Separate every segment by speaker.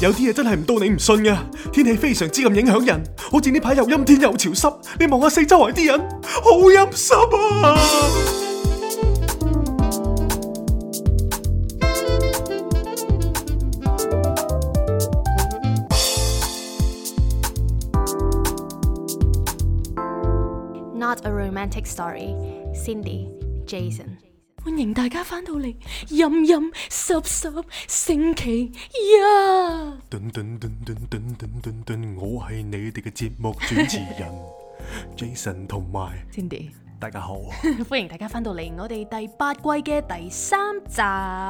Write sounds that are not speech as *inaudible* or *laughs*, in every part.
Speaker 1: 有啲嘢真係唔到你唔信㗎，天氣非常之咁影響人，好似呢排又陰天又潮濕，你望下四周圍啲人，好陰濕啊
Speaker 2: ！Not a romantic story，Cindy，Jason。歡迎大家返到嚟，陰陰濕濕星期
Speaker 1: 呀。Yeah! 我係你哋嘅節目主持人 *laughs* Jason 同埋 Cindy。大家好，
Speaker 2: *laughs* 歡迎大家翻到嚟我哋第八季嘅第三集。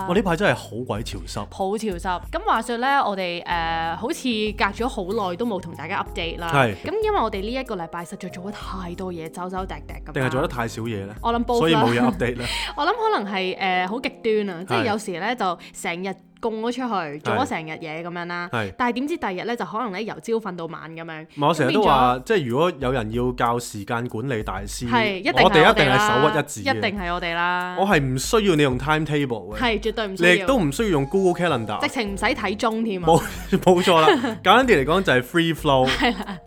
Speaker 2: 我呢
Speaker 1: 排真係好鬼潮濕，
Speaker 2: 好潮濕。咁話説咧，我哋誒、呃、好似隔咗好耐都冇同大家 update 啦。係是。咁因為我哋呢一個禮拜實在做咗太多嘢，走走疊疊咁。定係做
Speaker 1: 得太少嘢咧？我諗，所以冇人 update 啦。
Speaker 2: *laughs* 我諗可能係誒好極端啊，是即係有時咧就成日。供咗出去，做咗成日嘢咁樣啦。係，但係點知第二日咧就可能咧由朝瞓到晚咁樣。唔係，我成日都話，
Speaker 1: 即係如果有人要教時間管理大師，係，我哋一定係手屈一指，一定係
Speaker 2: 我哋啦。我
Speaker 1: 係唔需要你用 time table 嘅，
Speaker 2: 係絕對唔需要，亦都唔
Speaker 1: 需要用 Google Calendar，直
Speaker 2: 情唔使睇鐘添啊。冇
Speaker 1: 冇錯 *laughs* 啦，簡單啲嚟講就係 free flow。係啦。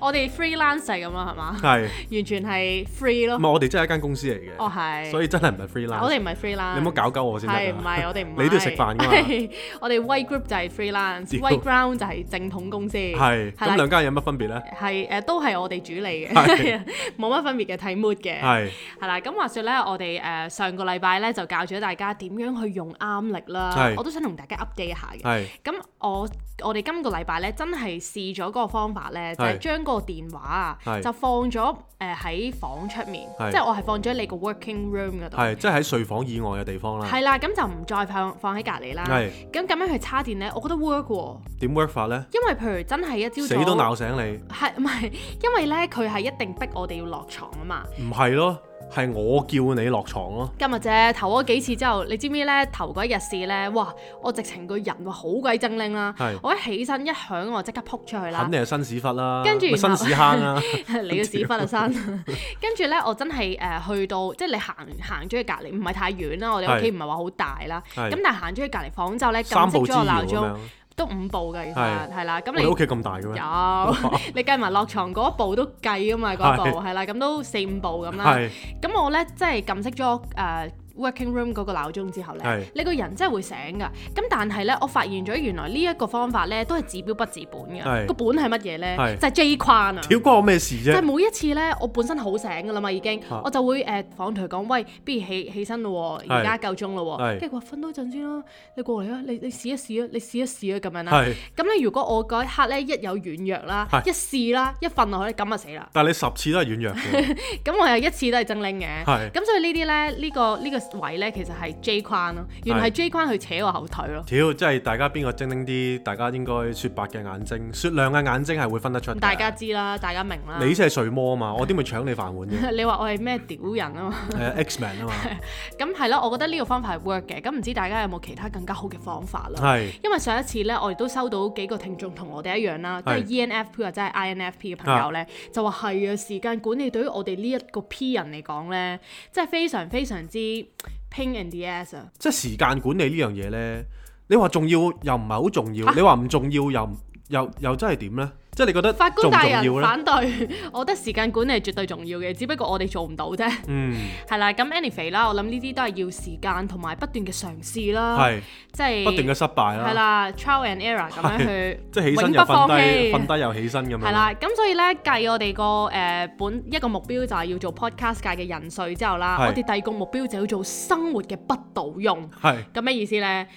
Speaker 2: 我哋 freelancer 係咁啦，係嘛？係，完全係 free 咯。唔係
Speaker 1: 我哋真係一間公司嚟
Speaker 2: 嘅。哦係，所以
Speaker 1: 真係唔係 freelance。我哋
Speaker 2: 唔係 freelance。你唔
Speaker 1: 好搞搞我先得。係唔係？我哋唔係。你都要食飯噶嘛？
Speaker 2: 我哋 Way Group 就係 freelance，Way Ground 就係正統公司。係。咁兩
Speaker 1: 間有乜分別咧？
Speaker 2: 係誒，都係我哋主理嘅，冇乜分別嘅，睇 mood 嘅。係。係啦，咁話說咧，我哋誒上個禮拜咧就教咗大家點樣去用啱力啦。係。我都想同大家 update 一下嘅。係。咁我。我哋今個禮拜咧真係試咗嗰個方法咧，是就係將嗰個電話啊、呃是，就放咗誒喺房出面，即係我係放咗你個 working room 嗰度，係
Speaker 1: 即係喺睡房以外嘅地方啦。係啦，
Speaker 2: 咁就唔再放放喺隔籬啦。係咁咁樣去插電咧，我覺得 work 喎、喔。
Speaker 1: 點 work 法咧？
Speaker 2: 因為譬如真係一朝早死都鬧醒你，係唔係？因為咧佢係一定逼我哋要落床啊嘛。
Speaker 1: 唔係咯。係我叫你落床咯，啊，
Speaker 2: 今日啫頭嗰幾次之後，你知唔知咧？頭嗰一日試咧，哇！我直情個人好鬼精靈啦，啊，是我一起身一響我即刻撲出去啦，肯定
Speaker 1: 係新屎忽啦，跟著後新屎坑啦，啊， *laughs* 你嘅屎忽啊就。生
Speaker 2: *laughs* 跟住咧，我真係誒、呃、去到即係你行行咗去隔籬，唔係太遠啦，啊，我哋屋企唔係話好大啦，啊，咁是但係行咗去隔籬房呢之後咧，撳熄咗個鬧鐘。都五步㗎，其實係啦。咁你屋企咁大嘅咩？有，哇 *laughs* 你計埋落床嗰步都計㗎嘛，嗰步係啦，咁是都四五步咁啦。咁是我咧即係撳熄咗誒。呃 Working room 嗰個鬧鐘之後咧，你個人真係會醒噶。咁但係咧，我發現咗原來呢一個方法咧，都係治標不治本嘅。個本係乜嘢咧？就係 J 框啊！屌關
Speaker 1: 我咩事啫？就每
Speaker 2: 一次咧，我本身好醒㗎啦嘛，已經我就會誒同佢講喂，不如起起身咯，而家夠鐘咯，跟住佢話瞓多陣先啦。你過嚟啊，你你試一試啊，你試一試啊，咁樣啦。咁咧，如果我嗰一刻咧一有軟弱啦，一試啦，一瞓落去，咁就死啦！但
Speaker 1: 係你十次都係軟弱，
Speaker 2: 咁我又一次都係爭拎嘅。咁所以呢啲咧，呢個呢個。位咧，其實係 J 框咯、啊，原來係 J 框去扯我後腿咯、啊。
Speaker 1: 屌，即係大家邊個精靈啲？大家應該雪白嘅眼睛、雪亮嘅眼睛係會分得出。大
Speaker 2: 家知啦，大家明啦。你
Speaker 1: 先係睡魔啊嘛， *laughs* 我點會搶你飯碗嘅。 *laughs*
Speaker 2: 你話我係咩屌人啊、X Man、嘛？係 *laughs* *laughs* 啊，Xman 啊嘛。咁係咯，我覺得呢個方法係 work 嘅。咁唔知大家有冇其他更加好嘅方法啦？係的。因為上一次咧，我亦都收到幾個聽眾同我哋一樣啦，即係 ENFP 或者係 INFP 嘅朋友咧，啊、就話係啊，時間管理對於我哋呢一個 P 人嚟講咧，即係非常非常之。即
Speaker 1: 係時間管理呢樣嘢呢？你話重要又唔係好重要，啊、你話唔重要又又又真係點呢？即係你覺得法官大人反
Speaker 2: 對，我覺得時間管理係絕對重要嘅，只不過我哋做唔到啫。嗯，係啦。咁 anyway 啦，我諗呢啲都係要時間同埋不斷嘅嘗試啦。即係不斷嘅
Speaker 1: 失敗啦。係啦
Speaker 2: ，trial and error 咁樣去，即係永不放棄，瞓低
Speaker 1: 又起身咁樣。係啦。
Speaker 2: 咁所以咧，計我哋個誒本一個目標就係要做 podcast 界嘅人瑞之後啦，我哋第二個目標就係要做生活嘅不倒翁。係。咁咩意思咧？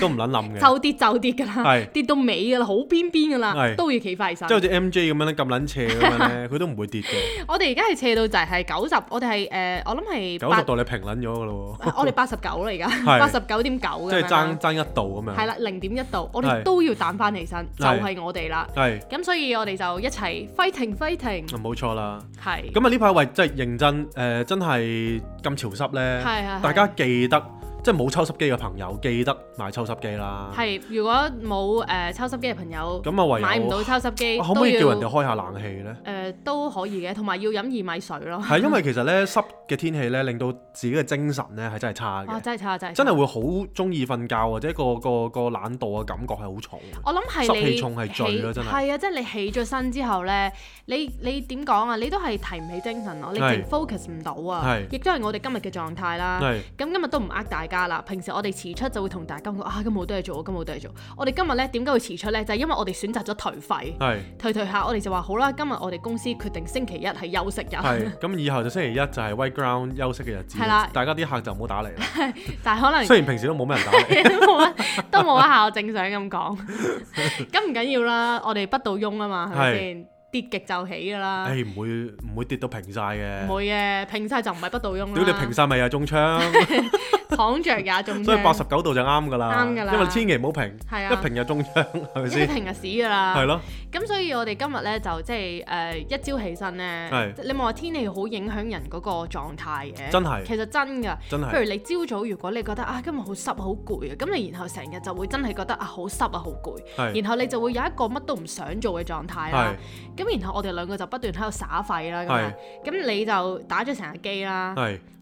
Speaker 2: 都唔撚
Speaker 1: 諗嘅。就
Speaker 2: 跌就跌㗎啦，跌到尾㗎啦，好邊邊㗎啦，都要企快。即係好似
Speaker 1: MJ 咁樣咧，咁撚斜咁樣咧，佢都唔會跌
Speaker 2: 嘅。 *laughs* 我哋而家係斜到就係九十，我哋係誒，我諗係九十
Speaker 1: 度你平撚咗嘅咯喎。
Speaker 2: *laughs* 我哋八十九啦，而家八十九點九。即係爭
Speaker 1: 爭一度咁樣。係啦，
Speaker 2: 零點一度，我哋都要彈翻起身，是就係我哋啦。係是。咁所以我哋就一齊 fighting，fighting。冇錯啦。係是。咁啊呢
Speaker 1: 排喂，即係認真誒、呃，真係咁潮濕咧。係係、啊、大家記得。即係冇抽濕機嘅朋友，記得買抽濕機啦。係，
Speaker 2: 如果冇誒、呃、抽濕機嘅朋友，咁
Speaker 1: 啊唯買唔到抽濕機，啊、可唔可以叫人哋開下冷氣咧？誒、
Speaker 2: 呃，都可以嘅，同埋要飲薏米水咯。係因為其
Speaker 1: 實咧， *laughs* 濕嘅天氣咧，令到自己嘅精神咧係真係差嘅、
Speaker 2: 哦。真係差真係。真係會
Speaker 1: 好鍾意瞓覺，或者、嗰個、嗰個、嗰個懶惰嘅感覺係好重。
Speaker 2: 我諗係濕氣重係罪咯，真係。係啊，即係你起咗身之後咧，你你點講啊？你都係提唔起精神，我你 focus 唔到啊，亦都係我哋今日嘅狀態啦。咁的今日都唔呃大。啦，平時我哋遲出就會同大家講啊，今冇多嘢做，多做，我今冇多嘢做。我哋今日咧點解會遲出咧？就係因為我哋選擇咗頹廢，係是頹頹下我，我哋就話好啦。今日我哋公司決定星期一係休息日，係
Speaker 1: 咁以後就星期一就係 White Ground 休息嘅日子，係啦的，大家啲客就唔好打嚟啦。
Speaker 2: 但係可能雖然平
Speaker 1: 時都冇咩人打嚟， *laughs* 都
Speaker 2: 冇乜，都冇乜客，我正想咁講，咁唔緊要啦，我哋不倒翁啊嘛，係咪先？跌極就起㗎啦，誒唔
Speaker 1: 會唔會跌到平曬嘅，
Speaker 2: 唔會嘅，平曬就唔係不倒翁啦。屌你平
Speaker 1: 曬咪又中槍，
Speaker 2: 躺着也中槍。所以八十
Speaker 1: 九度就啱㗎啦，啱㗎啦，因為千祈唔好平，一平就中
Speaker 2: 槍係咪先？一平就死㗎啦，係咯。咁所以我哋今日咧就即係誒一朝起身咧，你唔係話天氣好影響人嗰個狀態嘅，真係，其實真㗎，真係。譬如你朝早如果你覺得啊今日好濕好攰啊，咁你然後成日就會真係覺得啊好濕啊好攰，然後你就會有一個乜都唔想做嘅狀態啦。咁然後我哋兩個就不斷喺度耍廢啦，咁樣，咁你就打咗成日機啦，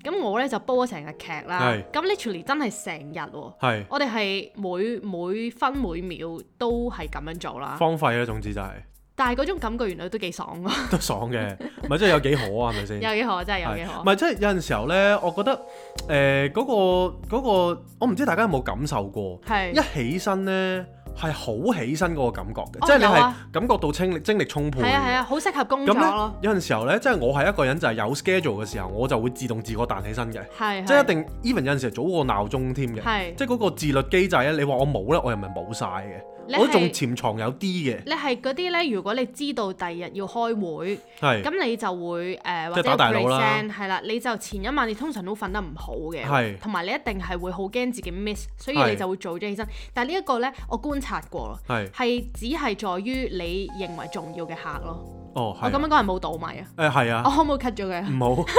Speaker 2: 咁我咧就煲咗成日劇啦，咁 literally 真係成日喎，我哋係每每分每秒都係咁樣做啦，
Speaker 1: 荒廢啦，總之就係。
Speaker 2: 但係嗰種感覺原來都幾爽啊，
Speaker 1: 都爽嘅，唔係即係有幾可啊，係咪先？有幾可真係有幾可，唔係即係有陣時候咧，我覺得誒嗰個嗰個，我唔知大家有冇感受過，一起身咧。係好起身嗰個感覺嘅，哦、即係你係感覺到精力、啊、精力充沛，係啊係
Speaker 2: 啊，好適合工作咯。
Speaker 1: 有陣時候咧，即、就、係、是、我係一個人就係有 schedule 嘅時候，我就會自動自覺彈起身嘅係係，即係一定 even 有陣時早過鬧鐘添嘅，是是即係嗰個自律機制咧。你話我冇咧，我又唔係冇晒嘅。我仲潛藏有啲嘅，
Speaker 2: 你係嗰啲咧。如果你知道第二日要開會，係咁是你就會誒、呃、或者 present 係啦、呃。你就前一晚你通常都瞓得唔好嘅，同埋是你一定係會好驚自己 miss，所以你就會早咗起身。是但係呢一個咧，我觀察過係，係是只係在於你認為重要嘅客咯。哦，我咁樣講係冇倒米啊！誒，
Speaker 1: 係啊！我可唔可以 cut 咗佢？唔好。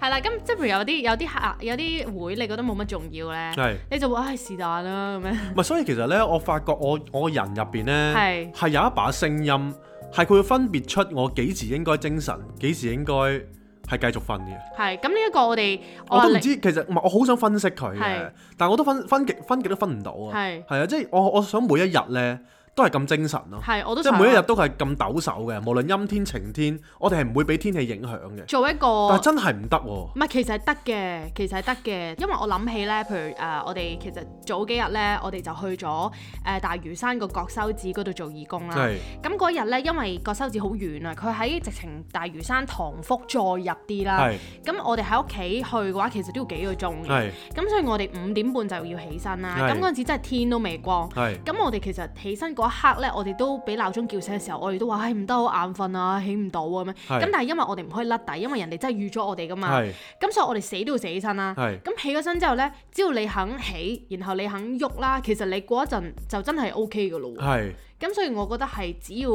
Speaker 2: 係啦，咁即係譬如有啲有啲客有啲會，你覺得冇乜重要咧？係。你就會唉是但啦咁樣。
Speaker 1: 唔係，所以其實咧，我發覺我我人入邊咧係係有一把聲音，係佢會分別出我幾時應該精神，幾時應該係繼續瞓嘅。
Speaker 2: 係。咁呢一個我哋我都唔知，
Speaker 1: 其實唔係我好想分析佢嘅，但係我都分分極分極都分唔到啊！係係啊，即係我我想每一日咧。都係咁精神咯，啊，係，我都即係每一日都係咁抖擻嘅，無論陰天晴天，我哋係唔會俾天氣影響嘅。做一個，但真係唔得喎。
Speaker 2: 唔係，其實係得嘅，其實係得嘅，因為我諗起咧，譬如誒，呃，我哋其實早幾日咧，我哋就去咗誒、呃、大嶼山個角修寺嗰度做義工啦。係是。咁嗰日咧，因為角修寺好遠啊，佢喺直情大嶼山塘福再入啲啦。係是。咁我哋喺屋企去嘅話，其實都要幾個鐘嘅。咁是所以我哋五點半就要起身啦。係是。咁嗰陣時真係天都未光。係是。咁是我哋其實起身嗰刻呢，我哋都俾鬧鐘叫醒嘅時候，我哋都話：唉唔得，好眼瞓啊，起唔到咁樣。咁是但係因為我哋唔可以甩底，因為人哋真係預咗我哋噶嘛。咁是所以我哋死都要死起身啦、啊。咁是起咗身之後呢，只要你肯起，然後你肯喐啦，其實你過一陣就真係 O K 嘅咯。咁是所以我覺得係只要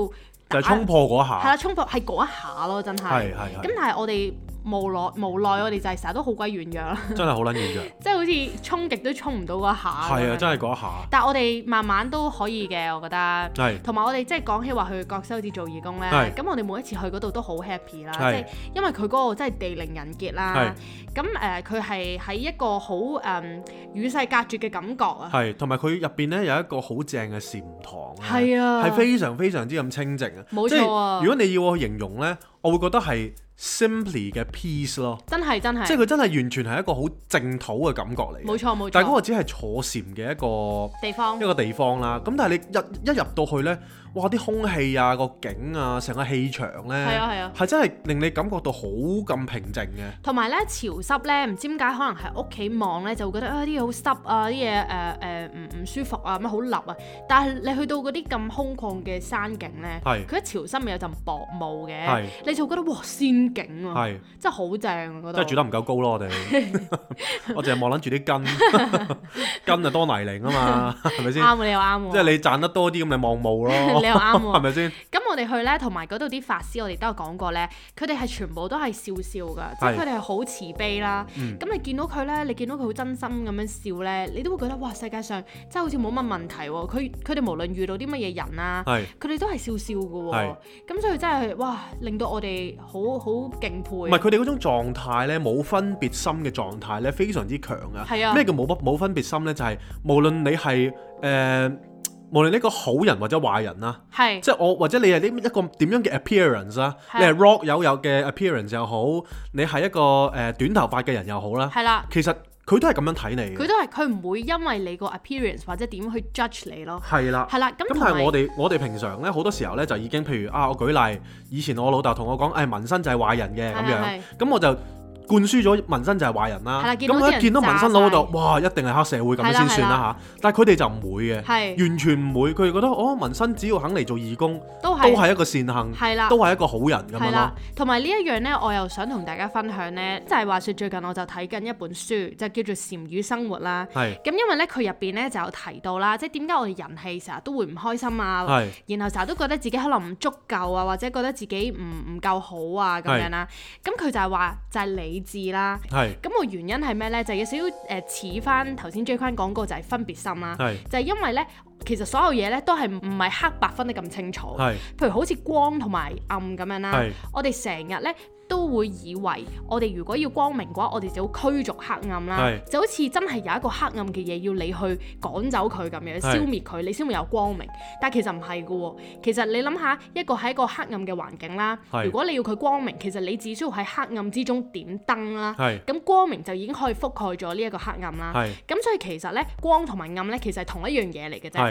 Speaker 2: 就衝破嗰下，係啦，衝破係嗰一下咯，真係。咁但係我哋。無奈無奈，我哋就係成日都 *laughs* 好鬼軟弱啦！真
Speaker 1: 係好撚軟弱，即
Speaker 2: 係好似衝極都衝唔到嗰下。係啊，真係嗰一
Speaker 1: 下。真一下，
Speaker 2: 但係我哋慢慢都可以嘅，我覺得。係的。同埋我哋即係講起話去覺修寺做義工咧，咁的我哋每一次去嗰度都好 happy 啦，即係的因為佢嗰個真係地靈人傑啦。咁誒的，佢係喺一個好誒、嗯、與世隔絕嘅感覺啊。係，
Speaker 1: 同埋佢入邊咧有一個好正嘅禪堂。係啊。係非常非常之咁清淨啊！冇的的錯啊！如果你要我去形容咧，我會覺得係。simply 嘅 peace 咯，
Speaker 2: 真係真係，即係佢
Speaker 1: 真係完全係一個好淨土嘅感覺嚟。冇錯冇錯，但係嗰個只係坐禪嘅一個地方，一個地方啦。咁但係你一一入到去咧，哇，啲空氣啊，個景啊，成個氣場咧，係啊係啊，係真係令你感覺到好咁平靜嘅。
Speaker 2: 同埋咧潮濕咧，唔知點解可能喺屋企望咧就會覺得啊啲嘢好濕啊，啲嘢誒誒唔唔舒服啊，乜好笠啊。但係你去到嗰啲咁空曠嘅山景咧，佢一潮濕咪有陣薄霧嘅，你就覺得哇景喎、啊，是真係好正，我覺得真係住得
Speaker 1: 唔夠高咯， *laughs* *laughs* 我哋我淨係望撚住啲根。 *laughs* *laughs* 根就 *laughs* 多泥鯪啊嘛，係咪先？啱
Speaker 2: 喎，你又啱喎。即係
Speaker 1: 你賺得多啲，咁咪望霧咯。你又啱喎，係咪先？
Speaker 2: 咁我哋去咧，同埋嗰度啲法師我，我哋都有講過咧。佢哋係全部都係笑笑噶，即係佢哋係好慈悲啦。咁的你見到佢咧，你見到佢好真心咁樣笑咧，你都會覺得哇，世界上真係好似冇乜問題喎。佢佢哋無論遇到啲乜嘢人啊，佢哋都係笑笑噶喎。咁的所以真係哇，令到我哋好好敬佩。唔係佢哋
Speaker 1: 嗰種狀態咧，冇分別心嘅狀態咧，非常之強啊。係啊的，咩叫冇冇分別心咧？就係無論你係誒、呃，無論呢個好人或者壞人啦，係是即係我或者你係呢一個點樣嘅 appearance 啦是，你係 rock 有有嘅 appearance 又好，你係一個誒短頭髮嘅人又好啦，係啦的，其實佢都係咁樣睇你，佢都
Speaker 2: 係佢唔會因為你個 appearance 或者點去 judge 你咯，
Speaker 1: 係啦，係啦，咁但係我哋且我哋平常咧好多時候咧就已經譬如啊，我舉例，以前我老豆同我講誒紋身就係壞人嘅咁樣，咁我就。的灌輸咗紋身就係壞人啦，咁佢一見到紋身佬嗰度，哇，一定係黑社會咁樣先算啦嚇，但係佢哋就唔會嘅，完全唔會，佢哋覺得哦，紋身只要肯嚟做義工，都係一個善行，都係一個好人咁樣咯。
Speaker 2: 同埋呢一樣咧，我又想同大家分享咧，就係話說最近我就睇緊一本書，就叫做《禪與生活》啦。係。咁因為咧佢入邊咧就有提到啦，即係點解我哋人氣成日都會唔開心啊？係。然後成日都覺得自己可能唔足夠啊，或者覺得自己唔唔夠好啊咁樣啦。係。咁佢就係話，就係你。字啦，係咁個原因係咩咧？就係、是、有少少誒，呃、似翻頭先追翻講過就係分別心啦、啊，係的就係因為咧。其實所有嘢咧都係唔係黑白分得咁清楚，是譬如好似光同埋暗咁樣啦。是我哋成日咧都會以為，我哋如果要光明嘅話，我哋就要驅逐黑暗啦，是就好似真係有一個黑暗嘅嘢要你去趕走佢咁樣，是消滅佢，你先會有光明。但係其實唔係㗎喎，其實你諗下一個係一個黑暗嘅環境啦，是如果你要佢光明，其實你只需要喺黑暗之中點燈啦，咁是光明就已經可以覆蓋咗呢一個黑暗啦。咁是所以其實咧光同埋暗咧其實係同一樣嘢嚟嘅啫。的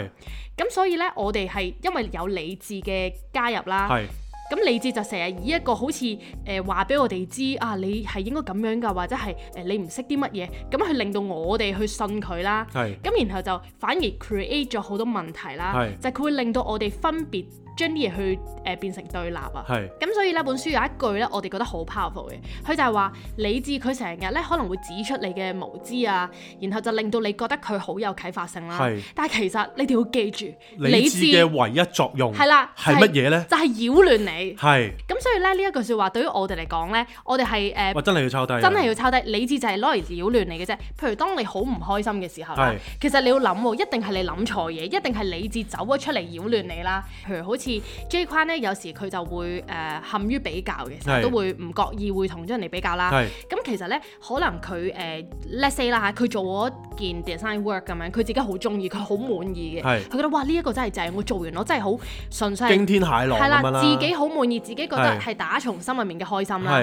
Speaker 2: 咁所以咧，我哋係因為有理智嘅加入啦，咁是理智就成日以一個好似誒話俾我哋知啊，你係應該咁樣噶，或者係誒、呃、你唔識啲乜嘢，咁去令到我哋去信佢啦，咁是然後就反而 create 咗好多問題啦，是就係佢會令到我哋分別。將啲嘢去誒變成對立啊，係咁是所以呢本書有一句咧，我哋覺得好 powerful 嘅，佢就係話理智佢成日咧可能會指出你嘅無知啊，然後就令到你覺得佢好有啟發性啦。係是，但係其實你哋要記住理智嘅
Speaker 1: 唯一作用係啦係乜嘢咧？就
Speaker 2: 係、是、擾亂你係。咁是所以咧呢一句説話對於我哋嚟講咧，我哋係誒，真係要抄低，真係要抄低。理智就係攞嚟擾亂你嘅啫。譬如當你好唔開心嘅時候、啊、是其實你要諗、哦，一定係你諗錯嘢，一定係理智走咗出嚟擾亂你啦。譬如好似。J 框呢，有時佢就會誒陷於比較嘅，都會唔覺意會同咗人嚟比較啦。咁其實呢，可能佢誒 let's say 啦，佢做咗件 design work 咁樣，佢自己好中意，佢好滿意嘅，佢覺得哇呢一個真係正，我做完我真係好順勢，驚天蟹浪咁樣啦，自己好滿意，自己覺得係打從心入面嘅開心啦。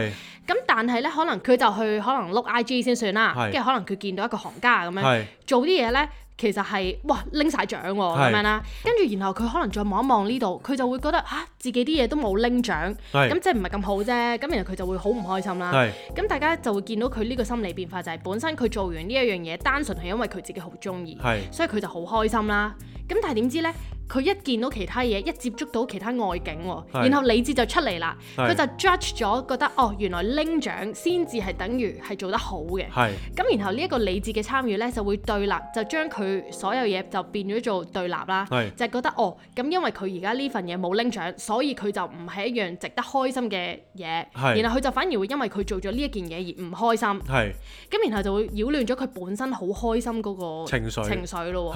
Speaker 2: 咁但係呢，可能佢就去可能碌 IG 先算啦，即係可能佢見到一個行家咁樣做啲嘢呢。其實係哇拎晒獎喎、喔、咁是樣啦，跟住然後佢可能再望一望呢度，佢就會覺得嚇、啊、自己啲嘢都冇拎獎，咁即係唔係咁好啫，咁然後佢就會好唔開心啦。咁是大家就會見到佢呢個心理變化，就係本身佢做完呢一樣嘢，單純係因為佢自己好中意，是所以佢就好開心啦。咁但係點知呢？佢一見到其他嘢，一接觸到其他外境，然後理智就出嚟啦，佢就 judge 咗，覺得哦，原來拎獎先至係等於係做得好嘅。咁然後呢一個理智嘅參與咧，就會對立，就將佢所有嘢就變咗做對立啦。就係覺得哦，咁因為佢而家呢份嘢冇拎獎，所以佢就唔係一樣值得開心嘅嘢。然後佢就反而會因為佢做咗呢一件嘢而唔開心。咁然後就會擾亂咗佢本身好開心嗰個情緒咯，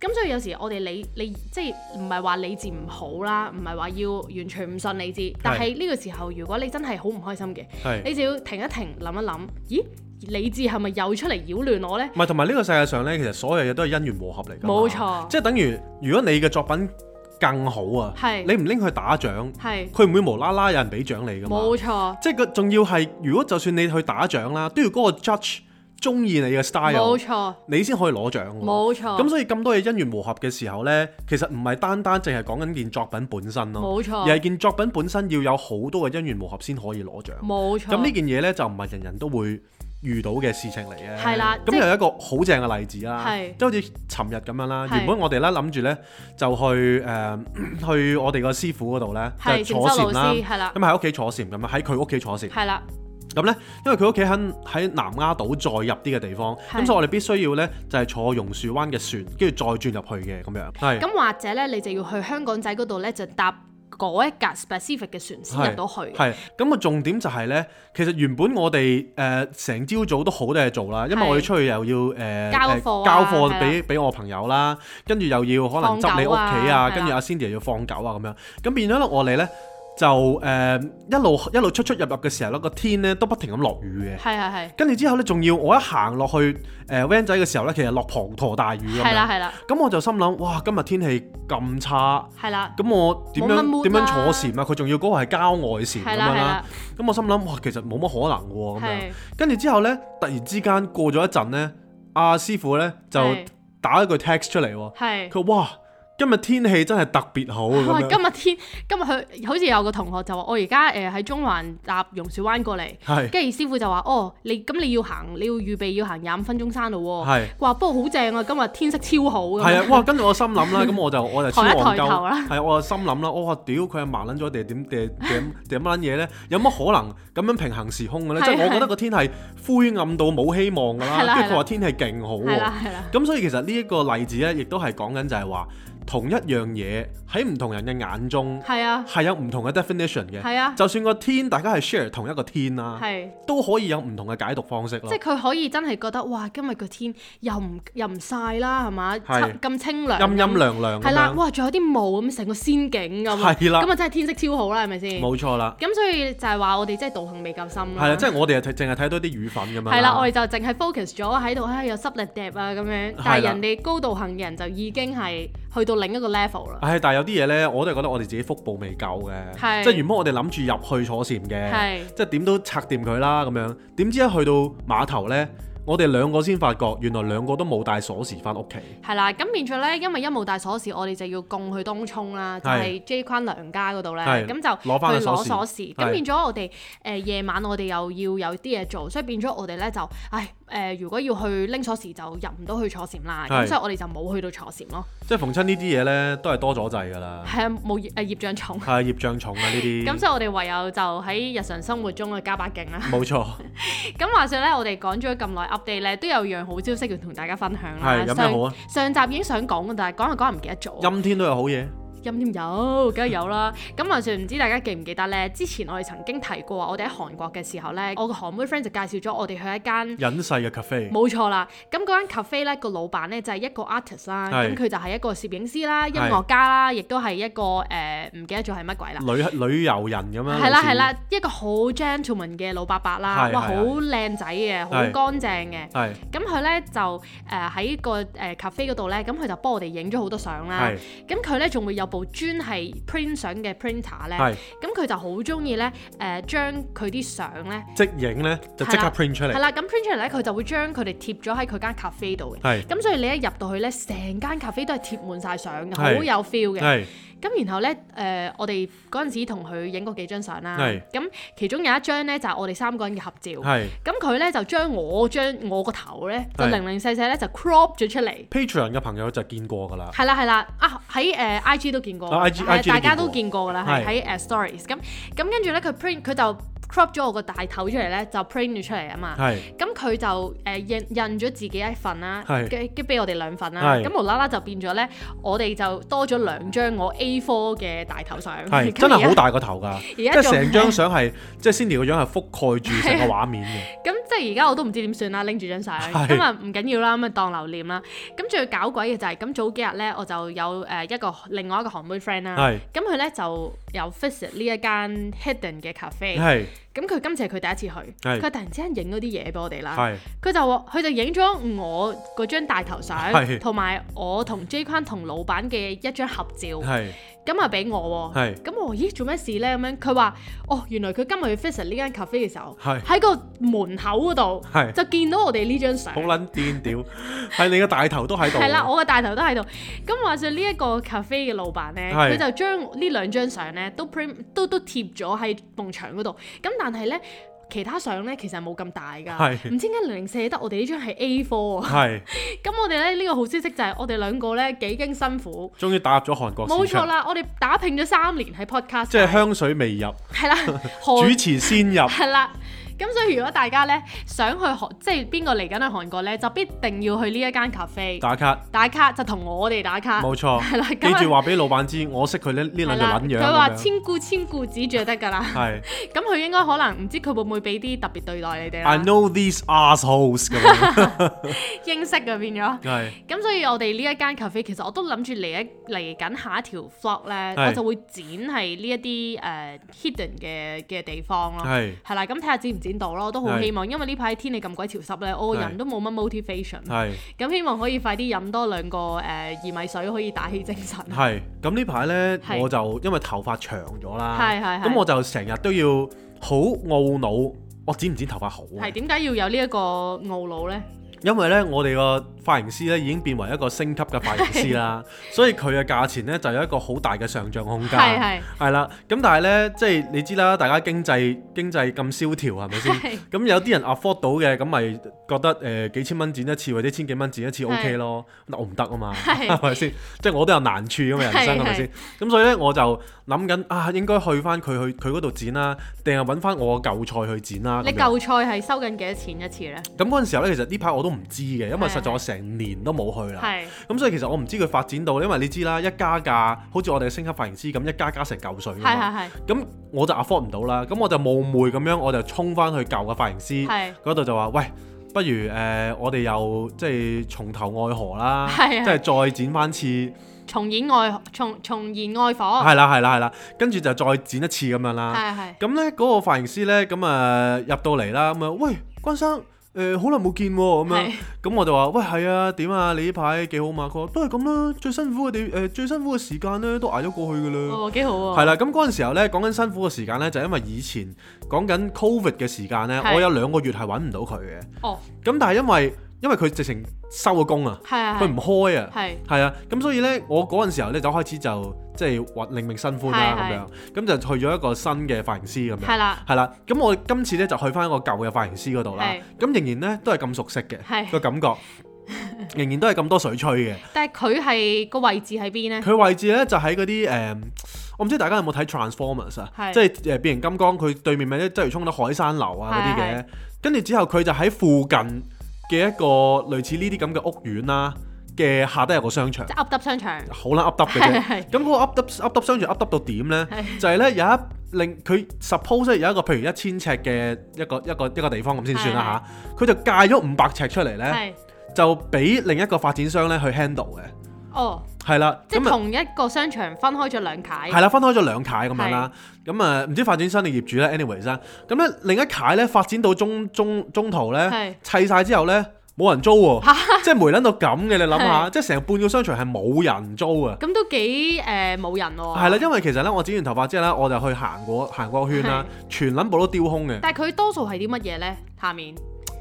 Speaker 2: 咁所以有時我哋你你即係。唔係話理智唔好啦，唔係話要完全唔信理智，但係呢個時候如果你真係好唔開心嘅，是你就要停一停，諗一諗，咦，理智係咪又出嚟擾亂我呢？
Speaker 1: 唔係，同埋呢個世界上呢，其實所有嘢都係因緣和合嚟嘅，
Speaker 2: 冇錯錯。
Speaker 1: 即係等於如果你嘅作品更好啊，係 *laughs* 是你唔拎去打獎，係佢唔會無啦啦有人俾獎你噶嘛，冇錯錯。即係佢仲要係，如果就算你去打獎啦，都要嗰個 judge。中意你嘅 style，冇錯。你先可以攞獎。冇錯。咁所以咁多嘢因緣磨合嘅時候呢，其實唔係單單淨係講緊件作品本身咯，冇錯。而係件作品本身要有好多嘅因緣磨合先可以攞獎。
Speaker 2: 冇錯。咁呢件
Speaker 1: 嘢呢，就唔係人人都會遇到嘅事情嚟嘅。係啦。咁有一個好正嘅例子啦，即好似尋日咁樣啦，原本我哋呢，諗住呢就去誒去我哋個師傅嗰度呢就坐禪啦，咁喺屋企坐禪咁啊喺佢屋企坐禪。係啦。咁咧，因為佢屋企喺喺南丫島再入啲嘅地方，咁是所以我哋必須要咧就係坐榕樹灣嘅船，跟住再轉入去嘅咁樣。係。咁
Speaker 2: 或者咧，你就要去香港仔嗰度咧，就搭嗰一架 specific 嘅船先入到去。係。
Speaker 1: 咁個重點就係、是、咧，其實原本我哋誒成朝早都好多嘢做啦，因為我哋出去又要誒、呃、交貨俾、啊、俾的我朋友啦，跟住又要可能執你屋企啊，跟住阿 Cindy 又要放狗啊咁的、啊、樣，咁變咗咧我哋咧。就誒、呃、一路一路出出入入嘅時候咧，個天咧都不停咁落雨嘅。係係係。跟住之後咧，仲要我一行落去誒、呃、van 仔嘅時候咧，其實落滂沱大雨啊。係啦係啦。咁我就心諗，哇！今日天，天氣咁差。係啦的。咁我點樣點、啊、樣坐禪啊？佢仲要嗰個係郊外禪咁樣啦。咁我心諗，哇！其實冇乜可能喎。係的。跟住之後咧，突然之間過咗一陣咧，阿、啊、師傅咧就打一句 text 出嚟喎。佢話。今日天氣真係特別好。哇！今日
Speaker 2: 天，今日佢好似有個同學就話：我而家誒喺中環搭榕樹灣過嚟，跟住師傅就話：哦，你咁你要行，你要預備要行廿五分鐘山路喎。係。不過好正啊！今日天色超好。係啊！哇！跟住
Speaker 1: 我心諗啦，咁我就我就抬一抬頭啦。係，我心諗啦，我屌佢係麻撚咗定係點？定乜撚嘢咧？有乜可能咁樣平行時空嘅咧？即係我覺得個天係灰暗到冇希望㗎啦。跟住佢話天氣勁好喎。咁所以其實呢一個例子咧，亦都係講緊就係話。同一樣嘢喺唔同人嘅眼中係啊，係有唔同嘅 definition 嘅係啊。就算個天，大家係 share 同一個天啦，係都可以有唔同嘅解讀方式咯。即係
Speaker 2: 佢可以真係覺得哇，今日個天又唔又唔曬啦，係嘛？咁清涼陰陰涼涼係啦。哇，仲有啲霧咁，成個仙境咁係啦。咁啊，真係天色超好啦，係咪先？冇錯啦。咁所以就係話，我哋即係道行未夠深啦。係啊，即係我
Speaker 1: 哋係淨係睇到啲雨粉咁樣。係啦，我
Speaker 2: 哋就淨係 focus 咗喺度，唉，有濕力碟啊咁樣。但係人哋高道行嘅人就已經係。去到另一個 level 啦。
Speaker 1: 係，但係有啲嘢呢，我都係覺得我哋自己福報未夠嘅。係即係原本我哋諗住入去坐禪嘅，係即係點都拆掂佢啦咁樣。點知一去到碼頭呢，我哋兩個先發覺原來兩個都冇帶鎖匙翻屋企。
Speaker 2: 係啦，咁變咗呢，因為一冇帶鎖匙，我哋就要供去東涌啦，就係、係、J 坤梁家嗰度呢。咁係就攞翻去鎖匙。攞鎖匙。咁變咗我哋誒、呃、夜晚我哋又要有啲嘢做，所以變咗我哋呢就，唉。誒、呃，如果要去拎鎖匙就入唔到去坐禪啦，咁是所以我哋就冇去到坐禪咯。
Speaker 1: 即係逢親呢啲嘢咧，嗯、都係多咗滯噶啦。係
Speaker 2: 啊，冇，誒業障重。係啊，
Speaker 1: 業障重啊呢啲。咁 *laughs* 所以我
Speaker 2: 哋唯有就喺日常生活中去加把勁啦。冇錯。咁 *laughs* 話説咧，我哋講咗咁耐 update 咧，都有樣好消息要同大家分享啦。係，有咩、啊、上，上集已經想講嘅，但係講啊講唔記得咗。
Speaker 1: 陰天都有好嘢。
Speaker 2: 有有，梗係有啦。咁話説唔知大家記唔記得咧？之前我哋曾經提過我哋喺韓國嘅時候咧，我個韓妹 friend 就介紹咗我哋去一間
Speaker 1: 隱世嘅 cafe。冇
Speaker 2: 錯啦，咁嗰間 cafe 咧個老闆咧就係一個 artist 啦，咁佢就係一個攝影師啦、音樂家啦，亦都係一個誒唔記得咗係乜鬼啦。旅
Speaker 1: 旅遊人咁樣。係啦係啦，
Speaker 2: 一個好 gentleman 嘅老伯伯啦，哇，好靚仔嘅，好乾淨嘅。咁佢咧就誒喺個誒 cafe 嗰度咧，咁佢就幫我哋影咗好多相啦。咁佢咧仲會有。部專係 print 相嘅 printer 咧，咁佢的就好中意咧，誒、呃、將佢啲相咧
Speaker 1: 即影咧就即刻 print 出嚟，係啦，
Speaker 2: 咁 print 出嚟咧佢就會將佢哋貼咗喺佢間 cafe 度嘅，咁的所以你一入到去咧，成間 cafe 都係貼滿晒相嘅，好的有 feel 嘅。的咁然後咧，誒我哋嗰陣時同佢影過幾張相啦。咁其中有一張咧就係我哋三個人嘅合照。咁佢咧就將我張我個頭咧，就零零細細咧就 crop 咗出嚟。
Speaker 1: Patreon 嘅朋友就見過㗎啦。係
Speaker 2: 啦係啦，啊喺誒 IG 都見過，大家都見過㗎啦，係喺誒 Stories 咁，咁跟住咧佢 print 佢就 crop 咗我個大頭出嚟咧，就 print 咗出嚟啊嘛。咁佢就誒印印咗自己一份啦，跟跟俾我哋兩份啦。咁無啦啦就變咗咧，我哋就多咗兩張我科嘅大頭相，係真係好大
Speaker 1: 個頭㗎，即係成張相係，即係 Sandy 個樣係覆蓋住成個畫面嘅。
Speaker 2: 咁即係而家我都唔知點算啦，拎住張相，咁啊唔緊要啦，咁啊當留念啦。咁最搞鬼嘅就係，咁早幾日咧我就有誒一個另外一個韓妹 friend 啦，咁佢咧就有 visit 呢一間 hidden 嘅 cafe。咁佢今次係佢第一次去，佢是突然之間影嗰啲嘢俾我哋啦。佢是就話佢就影咗我嗰張大頭相，同埋是我同 J 昆同老闆嘅一張合照。咁啊俾我喎，咁是我咦，做咩事咧？咁樣，佢話，哦，原來佢今日去 f i n 呢間 cafe 嘅時候，喺是個門口嗰度，是就見到我哋呢張相。好
Speaker 1: 撚癲，屌，係 *laughs* 你個大頭都喺度。係啦，啊，我
Speaker 2: 嘅大頭都喺度。咁話說呢一個 cafe 嘅老闆咧，佢是就將呢兩張相咧都 print 都都貼咗喺墻嗰度。咁但係咧。其他相咧，其實冇咁大㗎，唔知點解零零舍得我哋是的 *laughs* 呢張係 A 科啊，咁我哋咧，呢個好消息就係我哋兩個咧，幾經辛苦，
Speaker 1: 終於打入咗韓國。冇錯啦，
Speaker 2: 我哋打拼咗三年喺 Podcast，即係
Speaker 1: 香水未入，
Speaker 2: 係啦，主持先入，係啦。咁、嗯、所以如果大家咧想去韓即係邊個嚟緊去韓國咧，就必定要去呢一間咖啡打卡。打卡就同我哋打卡。冇
Speaker 1: 錯係啦，錯嗯、記住話俾老闆知我老，我識佢咧呢兩個樣樣。佢、嗯、話、啊、千
Speaker 2: 顧千顧指住就得噶啦。係咁佢應該可能唔知佢會唔會俾啲特別對待你哋啦。I
Speaker 1: know these assholes 咁樣
Speaker 2: 英式啊變咗。係是。咁所以我哋呢一間 cafe 其實我都諗住嚟一嚟緊下，下一條 vlog 咧，是我就會剪係呢一啲誒 hidden 嘅嘅地方咯。係係啦，咁睇下剪唔。嗯看看知剪到咯，都好希望，是因為呢排天氣咁鬼潮濕咧，我個人都冇乜 motivation 是。係，咁希望可以快啲飲多兩個誒薏米水，可以打起精神。
Speaker 1: 係，咁呢排咧是我就因為頭髮長咗啦，咁我就成日都要好懊惱，我剪唔剪頭髮好？係
Speaker 2: 點解要有呢一個懊惱咧？
Speaker 1: 因為咧，我哋個髮型師咧已經變為一個升級嘅髮型師啦，是的 所以佢嘅價錢咧就有一個好大嘅上漲空間。係係啦，咁但係咧，即係你知啦，大家經濟經濟咁蕭條係咪先？咁是的 有啲人 afford 到嘅，咁咪覺得誒、呃、幾千蚊剪一次或者千幾蚊剪一次 OK 咯。是的 我唔得啊嘛，係咪先？即係是的 我都有難處咁嘅人生，係咪先？咁所以咧，我就，諗緊啊，應該去翻佢去佢嗰度剪啦，定係揾翻我舊菜去剪啦。你舊
Speaker 2: 菜係收緊幾多錢一次呢？
Speaker 1: 咁嗰陣時候呢，其實呢排我都唔知嘅，因為實在我成年都冇去啦。係。咁所以其實我唔知佢發展到，因為你知啦，一加價，好似我哋嘅星級髮型師咁，一加加成舊水㗎嘛。咁我就 afford 唔到啦，咁我就冒昧咁樣，我就衝翻去舊嘅髮型師嗰度是的 就話，喂，不如誒、呃，我哋又即係從頭愛河啦，即係是的 再剪翻次。 *laughs*
Speaker 2: 重演外重重燃外火啊！係啦
Speaker 1: 係啦係啦，跟住就再剪一次咁樣啦。係啊係。咁咧嗰個髮型師咧，咁、嗯、啊入到嚟啦，咁啊喂，關生，誒好耐冇見喎、哦，咁樣。係。咁我就話喂，係啊，點啊你呢排幾好嘛？佢話都係咁啦，最辛苦嘅地誒、呃、最辛苦嘅時間咧都捱咗過去㗎啦。哦，幾好啊！係啦，咁嗰陣時候咧講緊辛苦嘅時間咧，就因為以前講緊 Covid 嘅時間咧，的我有兩個月係揾唔到佢嘅。哦。咁但係因為因為佢直情收咗工啊，佢唔開啊，係啊，咁所以呢，我嗰陣時候呢，就開始就即係換另覓新歡啦咁樣，咁就去咗一個新嘅髮型師咁樣，係啦，係啦，咁我今次呢，就去翻一個舊嘅髮型師嗰度啦，咁仍然呢，都係咁熟悉嘅，個感覺仍然都係咁多水吹嘅，
Speaker 2: 但係佢係個位置喺邊呢？佢
Speaker 1: 位置呢，就喺嗰啲誒，我唔知大家有冇睇 Transformers 啊，即係誒變形金剛，佢對面咪即係衝到海山樓啊嗰啲嘅，跟住之後佢就喺附近。嘅一個類似呢啲咁嘅屋苑啦、啊，嘅下低有個商場，即
Speaker 2: 係凹凸商場，好
Speaker 1: 撚凹凸嘅啫。咁嗰 *laughs* 個凹凸凹凸商場凹凸到點咧？ *laughs* 就係咧有一另佢 suppose 有一個譬如一千尺嘅一個一個一個,一個地方咁先算啦吓，佢 *laughs* *laughs* 就界咗五百尺出嚟咧， *laughs* 就俾另一個發展商咧去 handle 嘅。哦，係啦了，即係
Speaker 2: 同一個商場分開咗兩塊，係啦，分開咗
Speaker 1: 兩塊咁樣啦。咁啊是，唔、嗯、知發展商定業，業主咧。anyways 咁、嗯、咧另一塊咧發展到中中中途咧是砌晒之後咧冇人租喎， *laughs* 即係冇諗到咁嘅。是你諗下，即係成半個商場係冇人租啊。
Speaker 2: 咁都幾誒冇、呃、人喎、哦。係
Speaker 1: 啦，因為其實咧我剪完頭髮之後咧，我就去行過行過一圈啦，是全撚部都丟空嘅。但係
Speaker 2: 佢多數係啲乜嘢咧？下面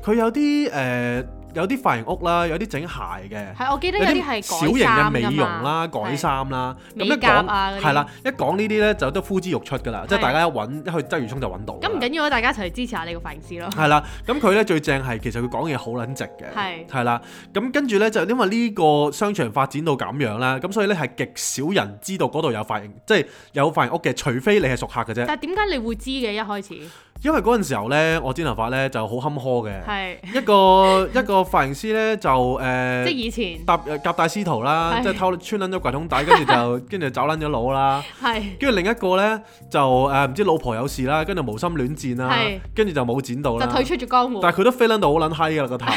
Speaker 1: 佢有啲誒。呃有啲髮型屋啦，有啲整鞋嘅，係
Speaker 2: 我記得有啲係小型嘅美容啦、改
Speaker 1: 衫啦，的嗯、美甲啊嗰啲，一講呢啲咧就都呼之欲出噶啦，即係的大家一揾一去周瑜湧就揾到。咁
Speaker 2: 唔緊要大家一齊支持下你個髮型師咯。係
Speaker 1: 啦，咁佢咧最正係其實佢講嘢好撚直嘅，係係啦，咁跟住咧就是、因為呢個商場發展到咁樣啦，咁所以咧係極少人知道嗰度有髮型，即、就、係、是、有髮型屋嘅，除非你係熟客嘅啫。但
Speaker 2: 係點解你會知嘅一開始？
Speaker 1: 因為嗰陣時候咧，我剪頭髮咧就好坎坷嘅。係一個一個髮型師咧，就誒即係以前搭夾帶師徒啦，即係偷穿撚咗櫃桶底，跟住就跟住走撚咗佬啦。係跟住另一個咧就誒唔知老婆有事啦，跟住無心亂戰啦，跟住就冇剪到啦。就退
Speaker 2: 出咗江湖。但係
Speaker 1: 佢都飛撚到好撚嗨㗎啦個頭，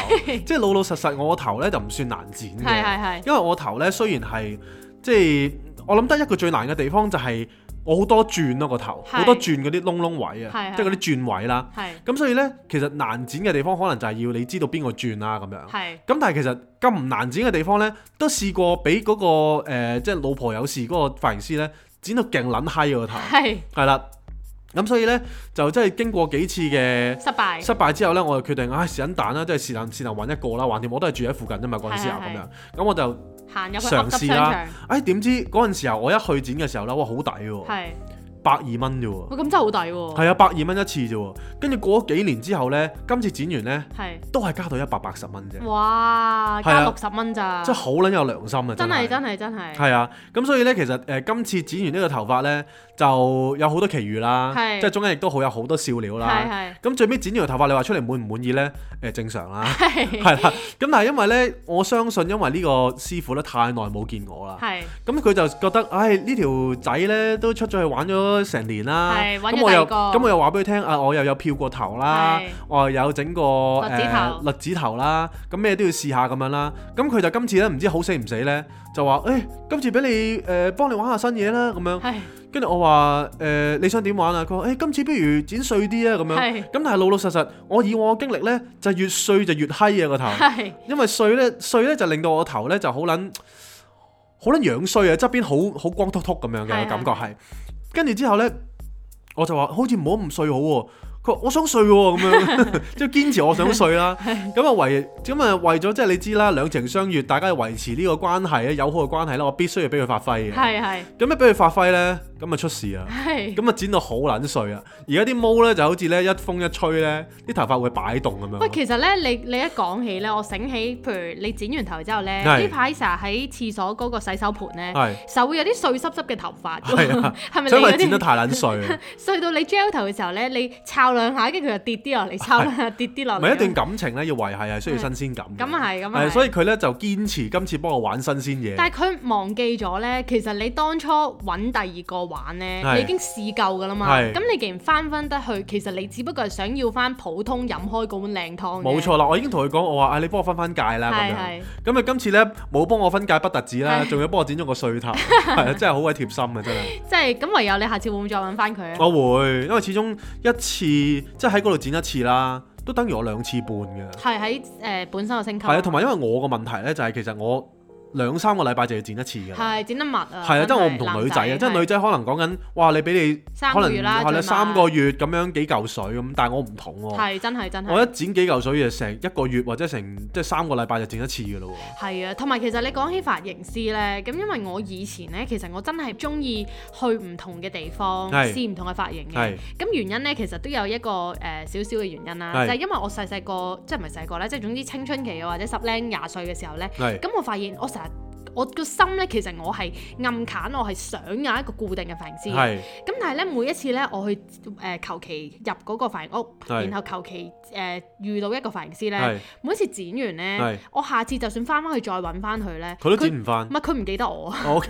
Speaker 1: 即係老老實實我個頭咧就唔算難剪嘅。因為我頭咧雖然係即係我諗得一個最難嘅地方就係。我好多轉咯、啊、個頭，好是多轉嗰啲窿窿位啊，即係嗰啲轉位啦。咁是所以呢，其實難剪嘅地方可能就係要你知道邊個轉啦、啊、咁樣。咁是但係其實咁唔難剪嘅地方呢，都試過俾嗰、那個即係、呃就是、老婆有事嗰個髮型師呢，剪到勁撚閪個頭。係是，係啦。咁所以呢，就真係經過幾次嘅失敗，失敗之後呢，我就決定唉、哎、試揾蛋啦、啊，即係試揾試揾揾一個啦。橫掂我都係住喺附近啫嘛，嗰、那個、時候咁、啊、樣，咁我就，
Speaker 2: 嘗試啦、
Speaker 1: 啊！哎，點知嗰陣時候我一去展嘅時候咧，哇，好抵喎！百二蚊啫喎，咁、哦、真
Speaker 2: 係好抵喎！
Speaker 1: 係啊，百二蚊一次啫喎，跟住過咗幾年之後呢，今次剪完呢，的都係加到一百八十蚊啫。
Speaker 2: 哇，加六十蚊咋？真係
Speaker 1: 好撚有良心啊！真係真係
Speaker 2: 真係。
Speaker 1: 係啊，咁所以呢，其實誒、呃，今次剪完呢個頭髮呢，就有好多奇遇啦，的即係中間亦都好有好多笑料啦。係咁的最尾剪完頭髮，你話出嚟滿唔滿意呢？誒、呃，正常啦，係啦的。咁 *laughs* 但係因為呢，我相信因為呢個師傅咧太耐冇見我啦，係的。咁佢就覺得，唉、哎，呢條仔呢，都出咗去玩咗。成年啦，咁我又咁我又話俾佢聽啊，我又有漂過頭啦，是我又有整個栗子頭啦，咁咩、呃、都要試下咁樣啦。咁佢就今次咧，唔知好死唔死咧，就話誒、欸，今次俾你誒，幫、呃、你玩下新嘢啦，咁樣。跟住是我話誒、呃，你想點玩啊？佢話誒，今次不如剪碎啲啊，咁樣。咁是但係老老實實，我以我嘅經歷咧，就係越碎就越嗨啊個頭，是因為碎咧碎咧就令到我個頭咧就好捻好捻樣碎啊，側邊好好光禿禿咁樣嘅感覺係。是的跟住之後咧，我就話：好似唔好咁衰好喎。我想睡喎、啊，咁樣即係 *laughs* 堅持我想睡啦、啊。咁啊 *laughs* 為咁啊為咗即係你知啦，兩情相悅，大家要維持呢個關係啊，友好嘅關係啦，我必須要俾佢發揮嘅。
Speaker 2: 係
Speaker 1: 係。咁啊俾佢發揮咧，咁啊出事啦。咁啊是是 剪到好撚碎啊！而家啲毛咧就好似咧一風一吹咧，啲頭髮會擺動咁樣。喂，其
Speaker 2: 實咧你你一講起咧，我醒起，譬如你剪完頭之後咧，呢排成日喺廁所嗰個洗手盤咧，手是是 會有啲碎濕濕嘅頭髮。係啊。係咪？因為剪得太撚碎啊！碎到你 gel 頭嘅時候咧，你摷兩下，跟住佢就跌啲落嚟，抽兩下，跌啲落嚟。唔係一段
Speaker 1: 感情咧，要維係係需要新鮮感。咁
Speaker 2: 啊係，咁所以
Speaker 1: 佢咧就堅持今次幫我玩新鮮嘢。但係
Speaker 2: 佢忘記咗咧，其實你當初揾第二個玩咧，你已經試夠㗎啦嘛。咁你既然翻翻得去，其實你只不過係想要翻普通飲開嗰碗靚湯。冇錯
Speaker 1: 啦，我已經同佢講，我話，唉，你幫我分翻界啦。係係。咁啊，今次咧冇幫我分界不特止啦，仲要幫我剪咗個碎頭，係啊，真係好鬼貼心啊。真係。即
Speaker 2: 係咁，唯有你下次會唔會再揾翻佢啊？我
Speaker 1: 會，因為始終一次。即喺嗰度剪一次啦，都等於我兩次半
Speaker 2: 嘅。係喺誒本身嘅星球。係啊，同
Speaker 1: 埋因為我個問題咧，就係、是、其實我。兩三個禮拜就要剪一次嘅，
Speaker 2: 係剪得密啊！係啊，即係我唔同女仔啊，即係女
Speaker 1: 仔可能講緊，哇！你俾你三個月啦，可能或者三個月咁樣幾嚿水咁，但係我唔同喎。係
Speaker 2: 真係真係。我一
Speaker 1: 剪幾嚿水就成一個月或者成即係三個禮拜就剪一次嘅咯
Speaker 2: 喎。係啊，同埋其實你講起髮型師呢，咁因為我以前呢，其實我真係中意去唔同嘅地方試唔同嘅髮型嘅。咁原因呢，其實都有一個誒少少嘅原因啦，就係因為我細細個即係唔係細個呢，即係總之青春期或者十零廿歲嘅時候呢。咁我發現我成日。我個心咧，其實我係暗揀，我係想有一個固定嘅髮型師。咁但係咧，每一次咧，我去誒求其入嗰個髮型屋，然後求其誒遇到一個髮型師咧，每一次剪完咧，我下次就算翻返去再揾翻佢咧，佢都剪唔翻。咪佢唔記得我。
Speaker 1: OK。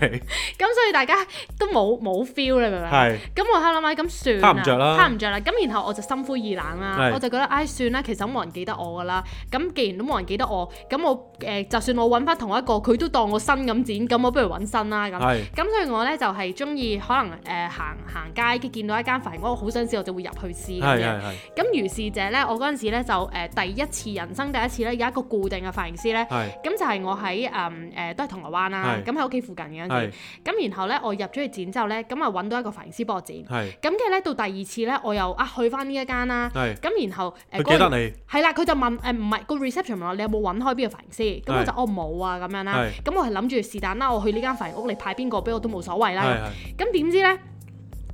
Speaker 2: 咁所以大家都冇冇 feel 你明唔明？咁我喺度諗，哎咁算啦。唔着啦。唔著啦。咁然後我就心灰意冷啦，我就覺得，唉，算啦，其實都冇人記得我㗎啦。咁既然都冇人記得我，咁我誒就算我揾翻同一個，佢都當我新。咁剪咁我不如揾新啦咁，咁所以我咧就係中意可能誒行行街，跟住見到一間髮型屋我好想試，我就會入去試咁樣。咁如是者咧，我嗰陣時咧就誒第一次人生第一次咧有一個固定嘅髮型師咧，咁就係我喺誒誒都係銅鑼灣啦，咁喺屋企附近嘅陣。咁然後咧我入咗去剪之後咧，咁啊揾到一個髮型師幫我剪。咁跟住咧到第二次咧，我又啊去翻呢一間啦。咁然後記得你係啦，佢就問誒唔係個 reception 問我你有冇揾開邊個髮型師？咁我就我冇啊咁樣啦。咁我係。諗住是但啦，我去呢間廢屋，你派邊個俾我都冇所謂啦。咁點是是 知咧？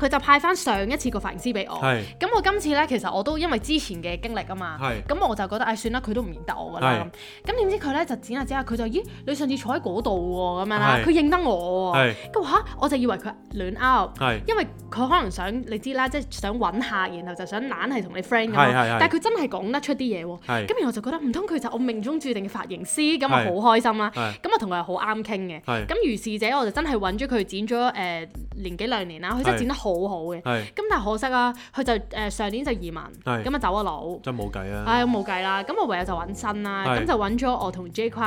Speaker 2: 佢就派翻上一次個髮型師俾我，咁我今次咧，其實我都因為之前嘅經歷啊嘛，咁我就覺得唉，算啦，佢都唔認得我㗎啦咁。咁點知佢咧就剪下剪下，佢就咦，你上次坐喺嗰度喎咁樣啦，佢認得我喎，佢話吓，我就以為佢亂噏，因為佢可能想你知啦，即係想揾下，然後就想懶係同你 friend 咁，但係佢真係講得出啲嘢喎，咁然後就覺得唔通佢就我命中注定嘅髮型師，咁啊好開心啦，咁我同佢好啱傾嘅，咁於是者我就真係揾咗佢剪咗誒年幾兩年啦，佢真係剪得好。好好嘅，咁是但係可惜啊，佢就誒、呃、上年就移民，咁是啊走咗佬，
Speaker 1: 真係冇計啦。唉，
Speaker 2: 冇計啦，咁我唯有就揾新啦，咁是就揾咗我同 J 君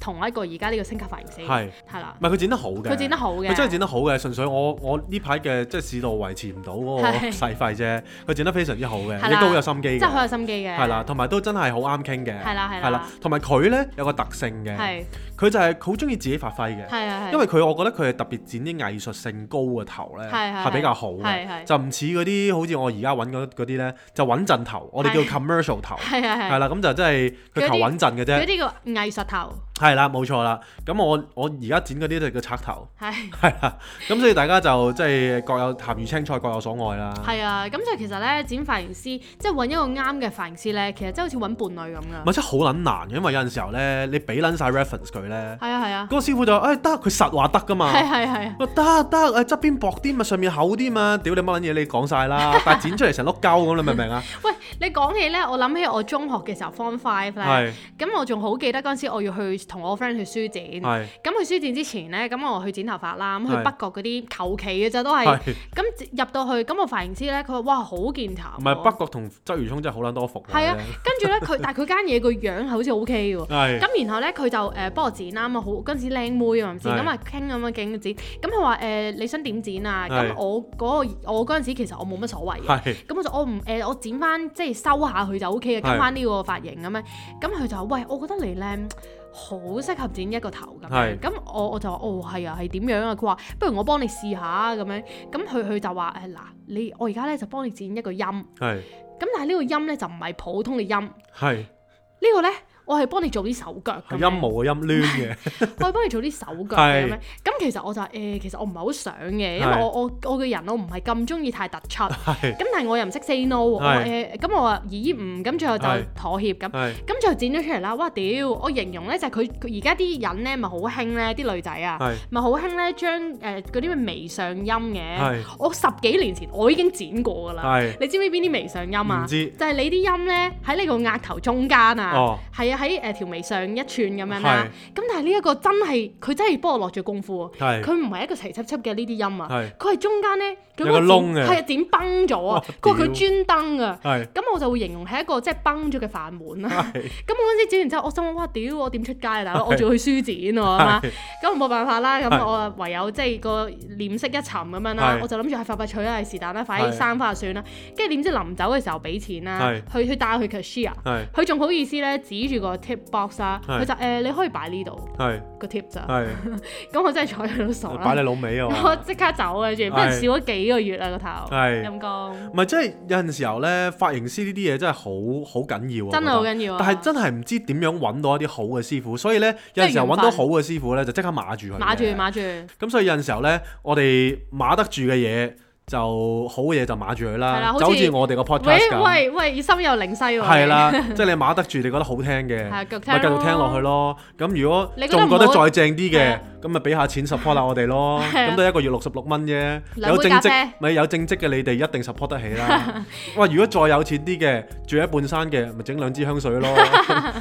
Speaker 2: 同一個而家呢個星級髮型師，係係啦，唔係佢剪得
Speaker 1: 好嘅，佢剪得好嘅，佢真係剪得好嘅，純粹我我呢排嘅即係市道維持唔到嗰個洗費啫，佢剪得非常之好嘅，亦都好有心機，即係好
Speaker 2: 有心機嘅，係啦，
Speaker 1: 同埋都真係好啱傾嘅，係啦係啦，同埋佢咧有個特性嘅，係佢就係好中意自己發揮嘅，係因為佢我覺得佢係特別剪啲藝術性高嘅頭咧，係比較好嘅，就唔似嗰啲好似我而家揾嗰啲咧就穩陣頭，我哋叫 commercial 頭，係係啦咁就真係佢求穩陣嘅啫，嗰
Speaker 2: 啲叫藝術頭。
Speaker 1: 係啦，冇 *music* 錯啦。咁、嗯、我我而家剪嗰啲就叫拆頭，係係啦。咁、 *laughs* 嗯、所以大家就即係各有鹹魚青菜，各有所愛啦。係
Speaker 2: 啊，咁、嗯、就其實咧剪髮型師，即係揾一個啱嘅髮型師咧，其實即係好似揾伴侶咁樣。
Speaker 1: 唔係真係好撚難，因為有陣時候咧，你俾撚晒 reference 佢咧，係啊係啊。嗰個師傅就誒得，佢實話得噶嘛。係係
Speaker 2: 係。我得得誒側
Speaker 1: 邊薄啲嘛，上面厚啲嘛。屌你乜撚嘢，你講晒啦， *laughs* 但係剪出嚟成碌膠咁，你明唔明啊？ *laughs*
Speaker 2: 喂，你講起咧，我諗起我中學嘅時候 form five 咧的，咁的我仲好記得嗰陣時我要去。同我 friend 去書展，咁去書展之前咧，咁我去剪頭髮啦。咁去北角嗰啲求其嘅咋都係，咁入到去咁我髮型師咧，佢話，哇好健談。唔係北角同鰂魚
Speaker 1: 涌真係好撚多福。係啊，跟住咧佢，但係
Speaker 2: 佢間嘢個樣係好似 O K 喎。咁然後咧佢就誒幫我剪啦，好嗰陣時靚妹啊唔知咁啊傾咁樣勁剪。咁佢話誒你想點剪啊？咁我嗰個我嗰陣時其實我冇乜所謂咁我就我唔誒我剪翻即係收下佢就 O K 嘅，跟翻呢個髮型咁樣。咁佢就喂，我覺得你靚，好適合剪一個頭㗎，咁是我我就話哦，係啊，係點樣啊？佢話不如我幫你試下咁樣，咁佢佢就話誒嗱，你我而家咧就幫你剪一個音，咁是但係呢個音咧就唔係普通嘅音，是係呢個咧。我係幫你做啲手腳咁樣，
Speaker 1: 陰毛啊陰攣嘅，
Speaker 2: 我係幫你做啲手腳咁樣。咁其實我就誒，其實我唔係好想嘅，因為我我我嘅人我唔係咁中意太突出。咁但係我又唔識 say no，誒咁我話咦唔，咁最後就妥協咁。咁最後剪咗出嚟啦。哇屌！我形容咧就係佢而家啲人咧咪好興咧啲女仔啊，咪好興咧將誒嗰啲咩微上音嘅。我十幾年前我已經剪過㗎啦。你知唔知邊啲微上音啊？就係你啲音咧喺你個額頭中間啊，係啊。喺誒條眉上一寸咁樣啦，咁但係呢一個真係佢真係幫我落住功夫，佢唔係一個齊齊輯嘅呢啲音啊，佢係中間咧，佢個點係點崩咗啊，佢話佢專登啊，咁我就會形容係一個即係崩咗嘅飯碗啦。咁嗰陣時剪完之後，我心諗哇屌，我點出街啊大佬？我仲要去書展喎，咁我冇辦法啦，咁我唯有即係個臉色一沉咁樣啦，我就諗住係發發取啊，係是但啦，快啲生花算啦。跟住點知臨走嘅時候俾錢啦，佢佢帶去 cashier，佢仲好意思咧指住。個 tip box 啊，佢是就誒、欸、你可以擺呢度，是個 tip 咋是，咁我真係坐喺度傻啦，擺、嗯、你老味啊！我即刻走嘅，仲畀人笑咗幾個月啦、啊、個頭，是陰功。唔
Speaker 1: 係真係有陣時候咧，髮型師呢啲嘢真係好好緊要啊，真係好緊要、啊。但係真係唔知點樣揾到一啲好嘅師傅，所以咧有陣時候揾到好嘅師傅咧就即刻碼住佢，碼
Speaker 2: 住碼住。
Speaker 1: 咁所以有陣時候咧，我哋碼得住嘅嘢。就好嘢就馬住佢啦，就好似我哋個 project，喂喂
Speaker 2: 喂，心有靈犀喎！係啦，即係
Speaker 1: 你馬得住，你覺得好聽嘅，
Speaker 2: 咪繼續聽落去
Speaker 1: 咯。咁如果仲覺得再正啲嘅，咁咪俾下錢 support 下我哋咯。咁都一個月六十六蚊啫，有正職咪有正職嘅，你哋一定 support 得起啦。哇，如果再有錢啲嘅，住喺半山嘅，咪整兩支香水咯，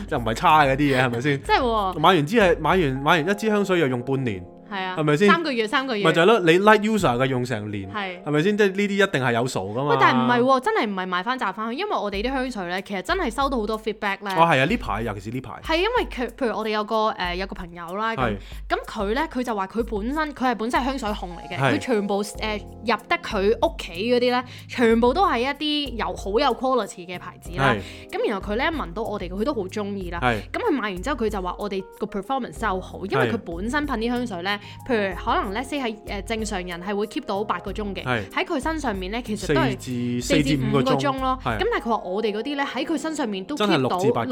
Speaker 1: 又唔係差嘅啲嘢，係咪先？真係喎！買完支係買完買完一支香水又用半年。
Speaker 2: 係啊，係咪先？三個月三個月，咪就係咯，
Speaker 1: 你 like user 嘅用成年，係咪先？即係呢啲一定係有數噶嘛。但係唔係
Speaker 2: 喎，真係唔係買翻賺翻，因為我哋啲香水咧，其實真係收到好多 feedback 咧。哦，係啊，
Speaker 1: 呢排尤其是呢排。係
Speaker 2: 因為佢，譬如我哋有個誒、呃、有個朋友啦，咁佢咧，佢是 就話佢本身佢係本身係香水控嚟嘅，佢是 全部誒、呃、入得佢屋企嗰啲咧，全部都係一啲有好有 quality 嘅牌子啦。咁是 然後佢咧聞到我哋佢都好中意啦。咁佢是 買完之後，佢就話我哋個 performance 又好，因為佢本身噴啲香水咧。譬如可能咧，先係誒正常人係會 keep 到八個鐘嘅，喺佢身上面咧，其實都係至
Speaker 1: 四至五個鐘咯。咁但
Speaker 2: 係佢話我哋嗰啲咧，喺佢身上面都 keep 到六至八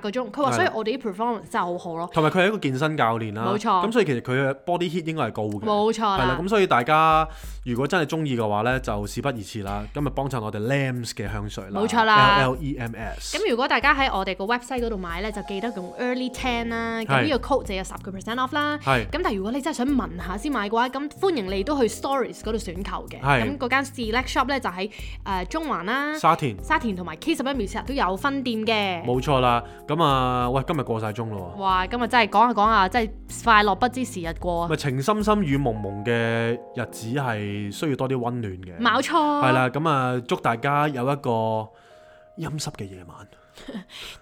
Speaker 2: 個鐘。佢話所以我哋啲 performance 真係好好咯。
Speaker 1: 同埋佢係一個健身教練啦。冇錯。咁所以其實佢嘅 body heat 應該係高嘅。冇錯。係啦，咁所以大家如果真係中意嘅話咧，就事不宜遲啦，今日幫襯我哋 Lams 嘅香水啦。冇錯啦。L E M S。
Speaker 2: 咁如果大家喺我哋個 website 嗰度買咧，就記得用 Early Ten 啦，咁呢個 code 就有十個 percent off 啦。咁但係如果你真係想聞下先買嘅話，咁歡迎你都去 Stories 嗰度選購嘅。咁嗰間 Select Shop 咧就喺誒中環啦，沙田、沙田同埋 K 十一 Mall 都有分店嘅。
Speaker 1: 冇錯啦，咁啊，喂，今日過曬鐘啦喎。
Speaker 2: 哇，今日真係講下講下，真係快樂不知時日過啊！咪
Speaker 1: 情深深雨濛濛嘅日子係需要多啲溫暖嘅。冇錯。係啦，咁啊，祝大家有一個陰濕嘅夜晚，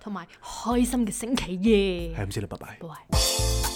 Speaker 2: 同埋開心嘅星期夜。
Speaker 1: 係咁先啦，拜拜。